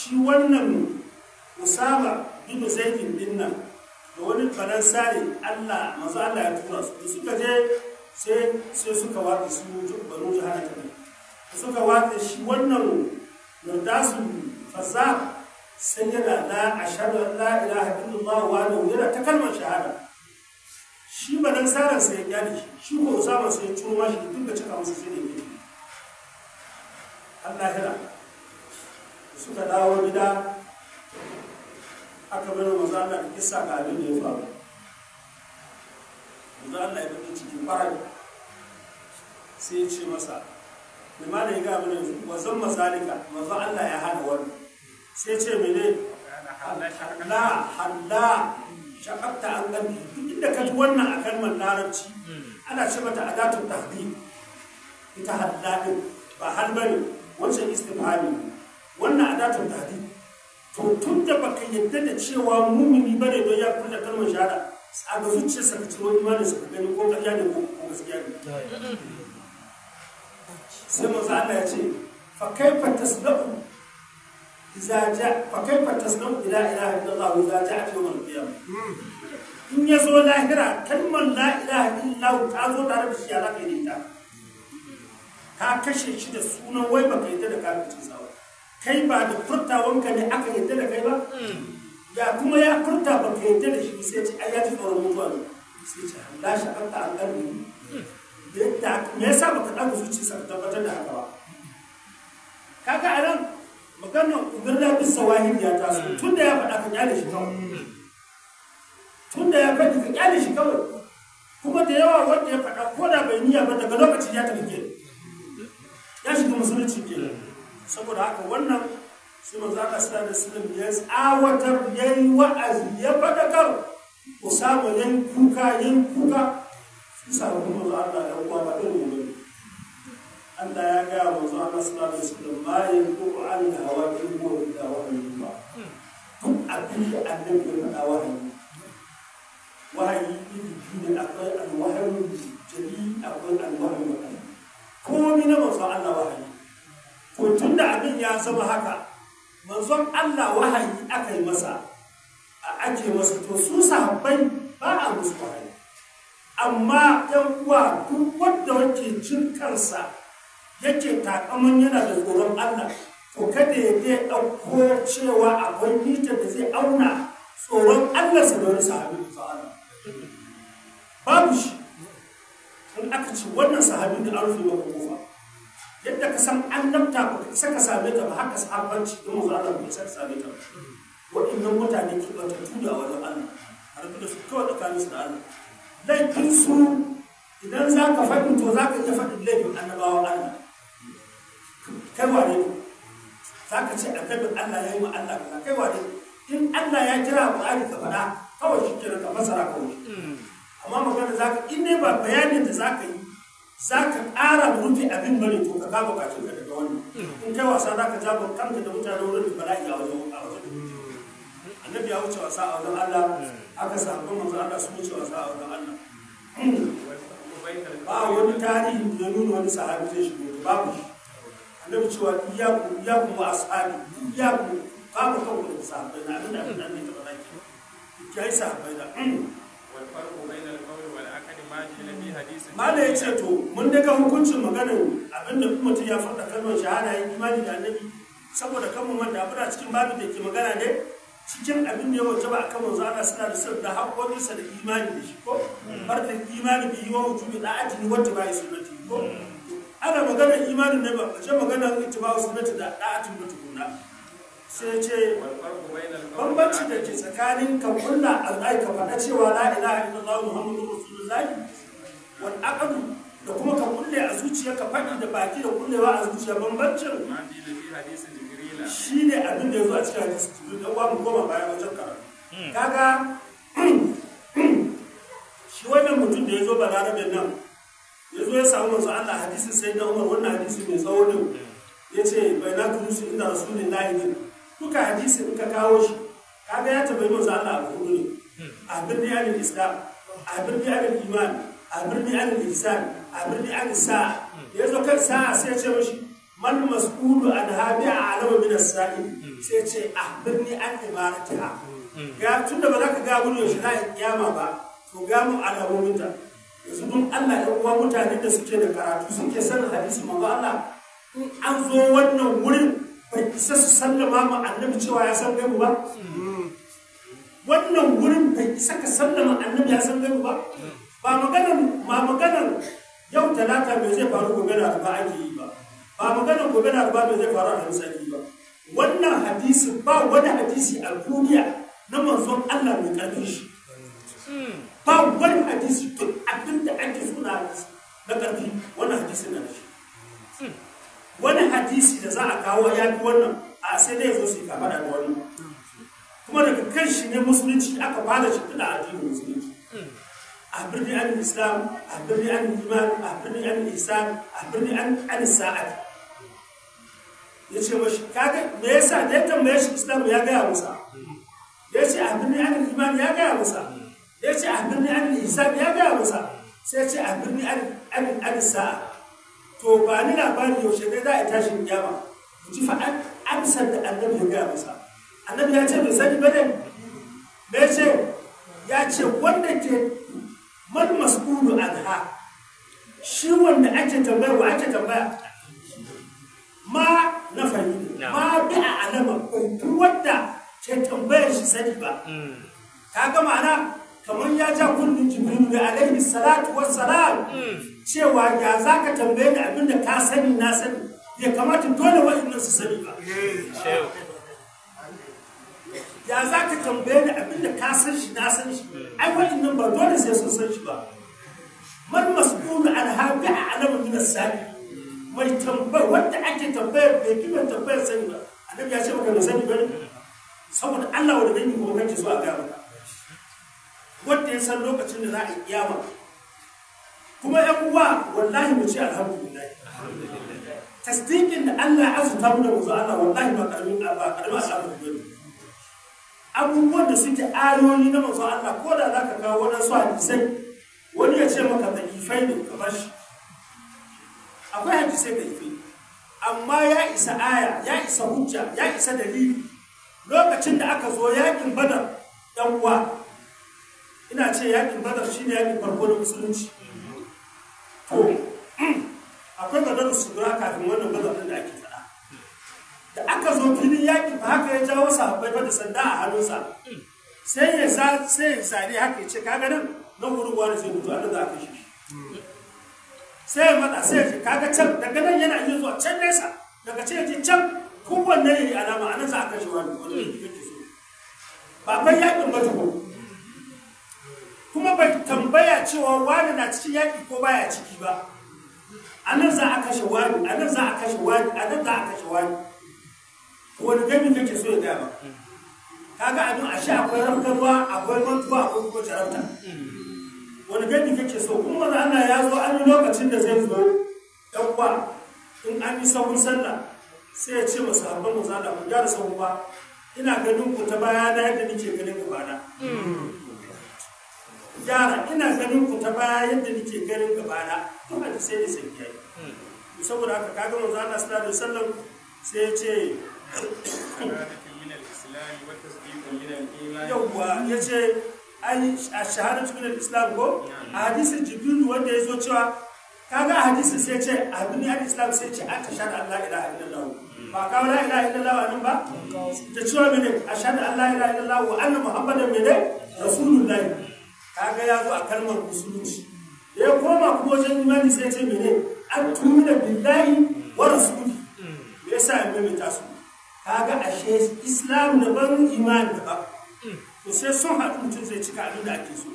shi wannan usama bin zaidin din nan da wani faransa ne allah mazu allah ya tura su da suka je sai suka wata su banu jihar ta da suka wata shi wannan yardasu fasa sai yana la ashhadu an la ilaha illallah wa da yana ta kalmar shahada shi banan saran sai ya shi shi ko usama sai ya ciro mashi duk da cika masa sai ne Allah ya suka dawo gida aka bai manzo Allah kisa ga abin da ya faru maza Allah ya bude cikin farai sai ya ce masa limana ya ga abin yanzu wazan zan mazalika maza Allah ya hana wannan sai ce mene halla halla shaqatta an gani duk inda ka ji wannan a kalmar larabci ana ce mata adatun tahdid ita halla ba halbari wancan istifani ne wannan adatun tadi to tun da baka yadda da cewa mumini bane don ya kulla kalmar shahada a ga zuciyarsa ka ciro imanin sa ka gani ko ƙarya ne ko gaskiya ne sai manzo Allah ya ce fa kaifa tasdaku idza ja fa kaifa tasdaku ila ilaha illallah idza ja'at yawm al-qiyamah in ya lahira kalmar la ilaha illallah ta zo tare da shi ya zaka yi ta ka kashe shi da sunan wai baka yadda da kafirci sawa kai ba da furta wanka ne aka yadda da kai ba ya kuma ya furta ba ka yadda da shi sai ce a ya tsoron mutuwa ne sai ce an lashe an ta'an ɗan me yasa ba ka ɗaga zuci sa tabbatar da haka ba kaga a nan maganar ubirna bin sawahin ya taso tun da ya faɗa ka ƙyale shi kawai tun da ya faɗi ka ƙyale shi kawai kuma da yawa wanda ya faɗa ko da bai niyya ba daga lokacin ya tafi ke ya shiga musulunci kenan saboda haka wannan shi manzo Allah sallallahu alaihi wasallam ya tsawatar yayi wa'azi ya fadakar ku samu yan kuka yan kuka su samu manzo Allah ya kuwa ba irin mu Allah ya ga manzo Allah sallallahu alaihi wasallam ma yanzu an hawa kin gobe da wahayi ba duk abin da annabi ya faɗa wahayi ya zama haka manzon Allah wahayi aka yi masa a ake masa to su sahabbai ba a musu wahayi amma yan uwa duk wanda yake cin kansa yake takaman yana da tsoron Allah to kada ya dai ɗauko cewa akwai mitar da zai auna tsoron Allah sa da sahabi da babu shi in aka ci wannan sahabi da an rufe wa kofa yadda ka san an annabta ba ka saka same ta ba haka sahabbanci don mu zalar ba saka same ta ba waɗannan mutane ke ba tuda wajen Allah har rabu da su kawai tsakanin su da Allah laifin su idan za ka faɗin to za ka iya faɗin laifin annabawa Allah kai wane ne za ka ce a annabin Allah ya yi wa Allah ka kai wane in Allah ya kira a ka faɗa kawai shi ke ka masara kawai hmm. amma magana za ka in ne ba bayanin da za ka yi za ka ƙara rufe abin bane to ka kama bakin ka daga wannan in kai wasa za ka jago kanka da mutane wurin da bala'i a wajen a wajen annabi ya wuce wasa a wajen Allah aka samu manzo Allah su wuce wasa a wajen Allah hmm. ba wani tarihi da nuna wani sahabi zai shigo babu annabi cewa iya ku ma ashabi ba babu kawo da sahabi na abin da annabi ya faɗa ki kai sahabbai da wal farqu bainal mala ya ce to mun daga hukuncin maganin abinda mutum ya faɗa kalmar shahada yin imani da annabi saboda kan mu abu cikin babin da ke magana ne cikin abin da ya wace ba a kan manzo ana suna da sirri da haƙoƙinsa da imani da shi ko martin da imani bi yi wa wujubi da ajini wata ba yi sunnati ko ana maganar imani ne ba ce maganar ita ba sunnati da da'atin mutukuna sai ce bambanci da ke tsakanin ka kunna zai ka faɗa cewa la ilaha illallah muhammadu rasulullahi wal aqdu da kuma ka kulle a zuciya ka faɗi da baki da kullewa a zuciya bambancin shine abin da yazo a cikin hadisi jibril dan uwa mu koma baya wajen karatu hmm. kaga shi wannan mutum da yazo balarabe nan yazo ya samu manzo Allah hadisin sai da Umar wannan hadisi mai tsawo ne yace bainatu tunusi inda rasulillahi ne duka hadisi in ka kawo shi kaga ya tabbai manzo Allah abu hudu a birni alil islam a birni alil iman a birni alil ihsan a birni alil sa'a ya zo kan sa'a sai ya ce mashi man mas'ulu an habi a alama min as-sa'i sai ce a ah, birni an imaratiha ga tunda ba za ka ga gudu shi na kiyama ba to ga mu alamominta yanzu don Allah ya uwa mutanen da suke da karatu suke sanin hadisi manzo in an zo wannan wurin bai isa su sallama ma annabi cewa ya san gaibu ba wannan wurin bai isa ka sallama annabi ya san gaibu ba ba maganar ma maganar yau talata me zai faru gobe da ba ake yi ba ba maganar gobe da ba me zai faru a hansaki ba wannan hadisi ba wani hadisi a duniya na manzon Allah mai karfin shi ba wani hadisi duk abin da ake suna na karfi wannan hadisi na shi a kawo ya fi wannan a sai dai zo su yi kafa da wannan kuma daga kan shi ne musulunci aka fara shi tuna addinin musulunci a birni an islam a birni an iman a birni an isa, a birni an sa'ad ya ce mashi kaga me yasa da ya tambaye shi islam ya gaya musa ya ce a birni an iman ya gaya musa ya ce a birni an isan ya gaya musa sai ce a birni an sa'a to ba ni labarin yaushe ne za a tashin kiyama ji fa amsar da annabi ya gaya masa annabi ya ce bai sani ba ne me ce ya ce wanda ke man mas'ulu anha shi wanda ake tambaya wa ake tambaya ma na fahimi ma bi a alama bai wanda ke tambaya shi sani ba hmm. ta ga ma'ana kamar ya ja kullum jibrilu da alaihi salatu wassalam hmm. cewa ya zaka tambaye ni abinda ka sani na sani ya kamata dole wa'annan su sani ba ya za ka tambaye ni abinda ka san shi na san shi ai wa'annan ba dole sai sun san shi ba man mas'ulu an habi a alamun min sani mai tambayar wanda ake tambayar bai mai tambayar sani ba annabi ya ce ba da sani ba ne. saboda Allah wanda dani ko kake zuwa a ga wanda ya san lokacin da za a yi kiyama kuma yan uwa wallahi mu ce alhamdulillah tasdiqin da Allah ya azurta mu da manzo Allah wallahi ba karamin ba karamin al'amari bane abubuwan da suke ayoyi na manzo Allah ko da za zaka kawo wadansu hadisai wani ya ce maka da zaifai ne ka bar shi akwai hadisai zaifai amma ya isa aya ya isa hujja ya isa dalili lokacin da aka zo yakin badar dan uwa ina ce yakin badar shine yakin farko da musulunci to akwai maganar sudura kafin wannan gwazon da ake faɗa da aka zo filin yaƙi ba haka ya jawo sa bai da sanda a hannunsa sai ya sa sai ya sare haka ya ce kaga nan na huruwa da zai mutu a da za shi sai ya matsa sai ya ce kaga can daga nan yana iya zuwa can nesa daga ce ya ce can kowanne ne alama a nan za a kashe wani wani kake so ba bai yaƙin ba tukun kuma bai tambaya cewa wani na cikin yaƙi ko baya ciki ba a za a kashe wani a za a kashe wani a nan za a kashe wani wani gami kake so ya gaya ba kaga abin a shi akwai rafkarwa akwai mantuwa akwai kuma jarabta wani gani kake so kuma wani allah ya zo an yi lokacin da zai zo dan uwa in an yi sahun sallah sai ya ce masu habban mu zada mu gyara sahun ba ina ganin ku ta baya na yadda nake ganin ba na. yara ina ganin ku ta baya yadda nake ganin na kuma a sai da sai yayi hmm. saboda haka kaga manzo Allah sallallahu alaihi wasallam sai ya ce yawwa ya ce ai a shahadatu cikin al-islam ko hmm. a hadisin jibril wanda ya zo cewa kaga a hadisin sai ce abin al-islam sai ce an tashhadu an la ilaha illallah hmm. ba kawo la ilaha illallah nan ba ta cewa mene ashhadu an la ilaha illallah wa anna muhammadan mene rasulullahi kaga ya zo a kalmar musulunci da ya koma kuma wajen imani sai ce mene an tumina billahi wa rasuli me yasa ya maimaita su kaga ashe islam da ban imani da ba to sai son haɗu mutum zai cika abin da ake so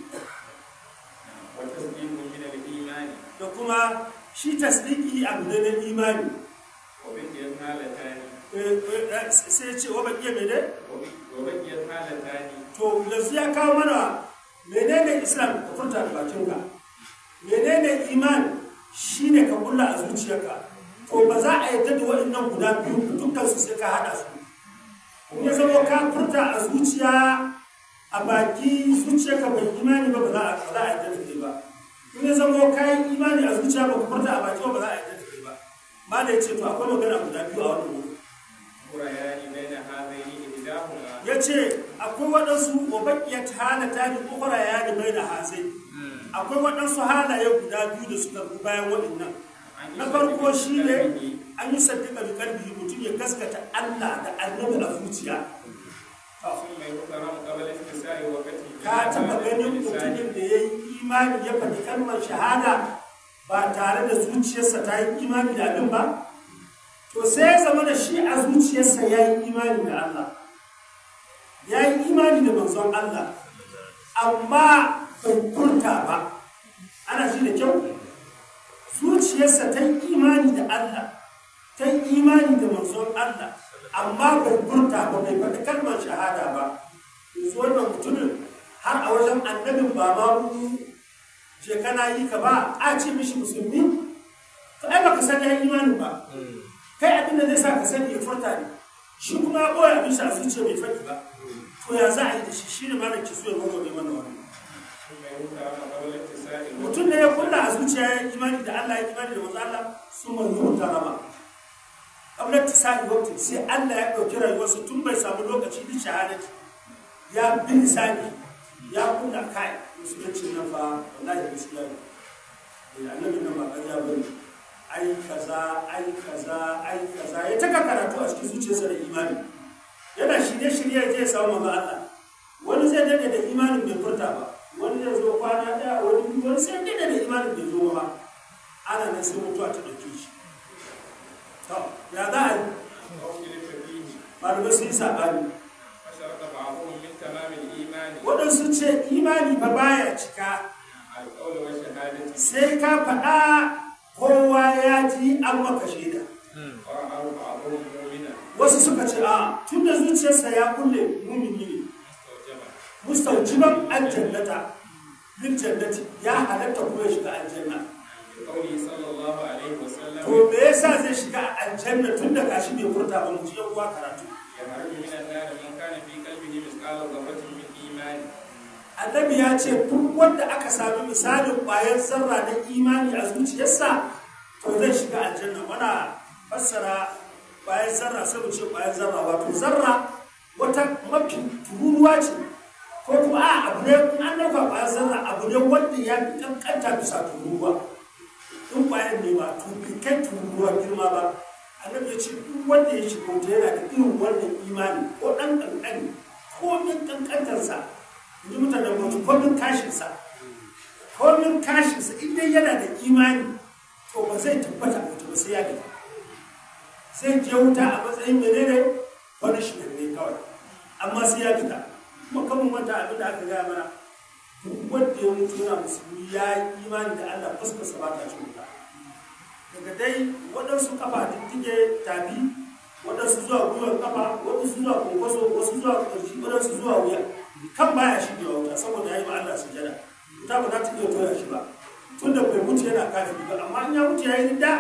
da kuma shi tasdiki abu ne na imani eh, eh, eh, sai ce wa bakiya mai dai? wa bakiya halata ne to su ya kawo mana menene islam ka furta da bakinka menene iman shine ka kulla a zuciyarka ko ba za a yadda da waɗannan guda biyu dukkan su sai ka haɗa su kuma zama ka furta a zuciya a baki zuciyarka bai imani ba ba za a yadda da ba kuma zama ka yi imani a zuciya ba ka furta a baki ba za a yadda da ba ba da ya ce to akwai magana guda biyu a wannan wuri ya ce akwai waɗansu wabakiyar iya ta tafi ƙwara ya da mai da hazai akwai waɗansu halaye guda biyu da suka bi bayan waɗannan na farko shi ne an yi saddika da ƙarfi mutum ya gaskata allah da annabi a zuciya ka taɓa ganin mutumin da ya yi imani ya faɗi kalmar shahada ba tare da zuciyarsa ta yi imani da abin ba to sai ya zama da shi a zuciyarsa ya yi imani da allah ya yi imani da manzon Allah amma bai ba ana shi da kyau zuciyarsa ta yi imani da Allah ta yi imani da manzon Allah amma bai ba bai faɗi kalmar shahada ba yanzu wannan mutumin har a wajen annabin ba ma je kana yi ka ba a ce mishi musulmi to ai ka sani ya imani ba hmm. kai abin da zai sa ka sani ya furta ne shi kuma ya boya abin sha zuciya mai faɗi ba to ya za a yi da shi shi ne malam ki ya mazo bai mana wani mutum da ya kulla a zuciya ya imani da Allah ya imani da wata Allah su man rubuta rama ta tisali wakti sai Allah ya ɗauki rayuwarsa tun bai samu lokaci da shahadati ya bin sani ya kunna kai musulunci nan fa wallahi gaskiya ne eh, annabi ba ƙarya bane ai kaza ai kaza ai kaza ya taka karatu a cikin zuciyarsa da imani yana shirye shirye zai samu ga Allah wani zai dade da imanin bai furta ba wani zai zo kwana daya wani wani sai dade da imanin bai zo ba ana nan sai mutuwa ta dauke shi to ya za a yi malamai sun yi sabani waɗansu ce imani ba baya cika sai ka faɗa kowa ya ji an maka shaida wasu suka ce a tun da zuciyarsa ya kulle mumini ne mustaujiban aljannata bin jannati ya halatta kuma ya shiga aljanna to me yasa zai shiga aljanna tun da gashi bai furta ba mu ji yan uwa karatu ya harbi min annar man kana fi qalbihi mithqala dharratin min imani annabi ya ce duk wanda aka sami misalin bayan zarra na imani a zuciyarsa to zai shiga aljanna muna fassara bayan zarra sai mu ce bayan zarra wato zarra wata mafi tururuwa ce ko kuma a abu ne kun an dafa ƙwayar zarra abu ne wanda ya fi kankanta bisa tururuwa in bayan ne ba to bai kai turuwa girma ba annabi ya ce duk wanda ya shiga wuta yana da irin wannan imani ko ɗan ƙanƙani ko min ƙanƙantarsa ji mutanen mutu komin kashinsa komin kashinsa in dai yana da imani to ba zai tabbata mutu ba sai ya gaba sai je wuta a matsayin menene punishment ne kawai amma sai ya fita kuma kan wata abin da aka gaya mana wanda ya mutu yana musulmi ya yi imani da Allah fuskarsa ba ta ci wuta daga dai waɗansu kafa diddige tafi waɗansu zuwa gwiwar kafa waɗansu zuwa kwankwaso zuwa ƙarshe waɗansu zuwa wuya kan baya shi da wuta saboda ya yi ba Allah sujada wuta ba za ta iya tura shi ba da bai mutu yana kafi duka, amma an ya mutu ya yi da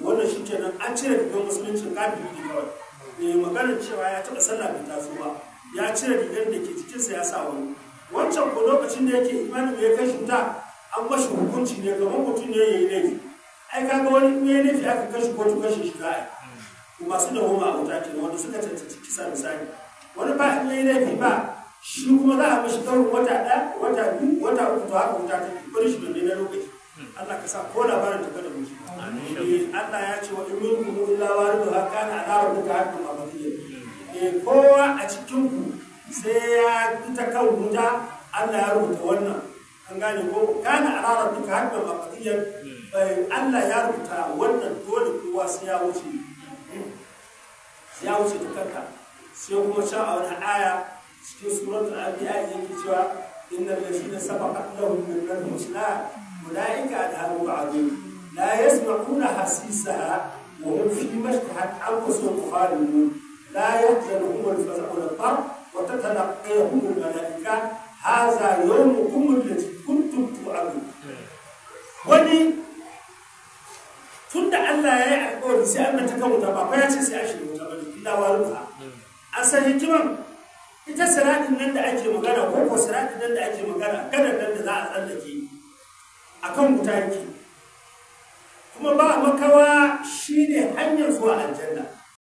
wannan shi nan an cire dukkan musuluncin kafi duka kawai ne eh, maganar cewa ya taɓa sallah bai taso ba ya cire rigar da ke jikinsa ya sa wani wancan ko lokacin da yake imanin ya kai shuta an mashi hukunci ne kamar mutum ne ya yi laifi ai kaga wani ne ne fi aka kashe ko tuka shi za'a masu da goma a wuta ke wanda suka cancanci kisa misali wani ba in ya yi laifi ba shi kuma za a mashi tarin wata ɗaya wata biyu wata uku to haka wuta ta bari shi domin na lokaci Allah ka sa ko labarin ta gada mushi eh, Allah ya ce wa in min kuma lawa, wani da haka na alawar duka haka ma ba fiye kowa a cikin ku sai ya fita kan wuta Allah ya rubuta wannan an gane ko kana alawar duka haka ma ba eh, fiye Allah ya rubuta wannan dole kowa sai ya wuce hmm. ya wuce ta kanka sai kuma sha a wani aya cikin suratul anbiya yake cewa innal ladina sabaqat lahum min al-husna ulaika adhabu ba'dhum la yasma'una hasisaha wa hum fi mashtahat anfusuhum khalidun la yahzanuhum al-faza'u al-akbar wa tatalaqayhum kuma malaika hadha yawmukum tuntu a tu'adun wani tun da Allah ya yi alƙawari sai an ta kawo ta ba ya ce sai a shirya wata ba illa wa rufa an san hikiman siratin nan da ake magana ko ko siratin nan da ake magana kada nan da za a tsallake a kan guta kuma ba makawa shi ne hanyar zuwa aljanna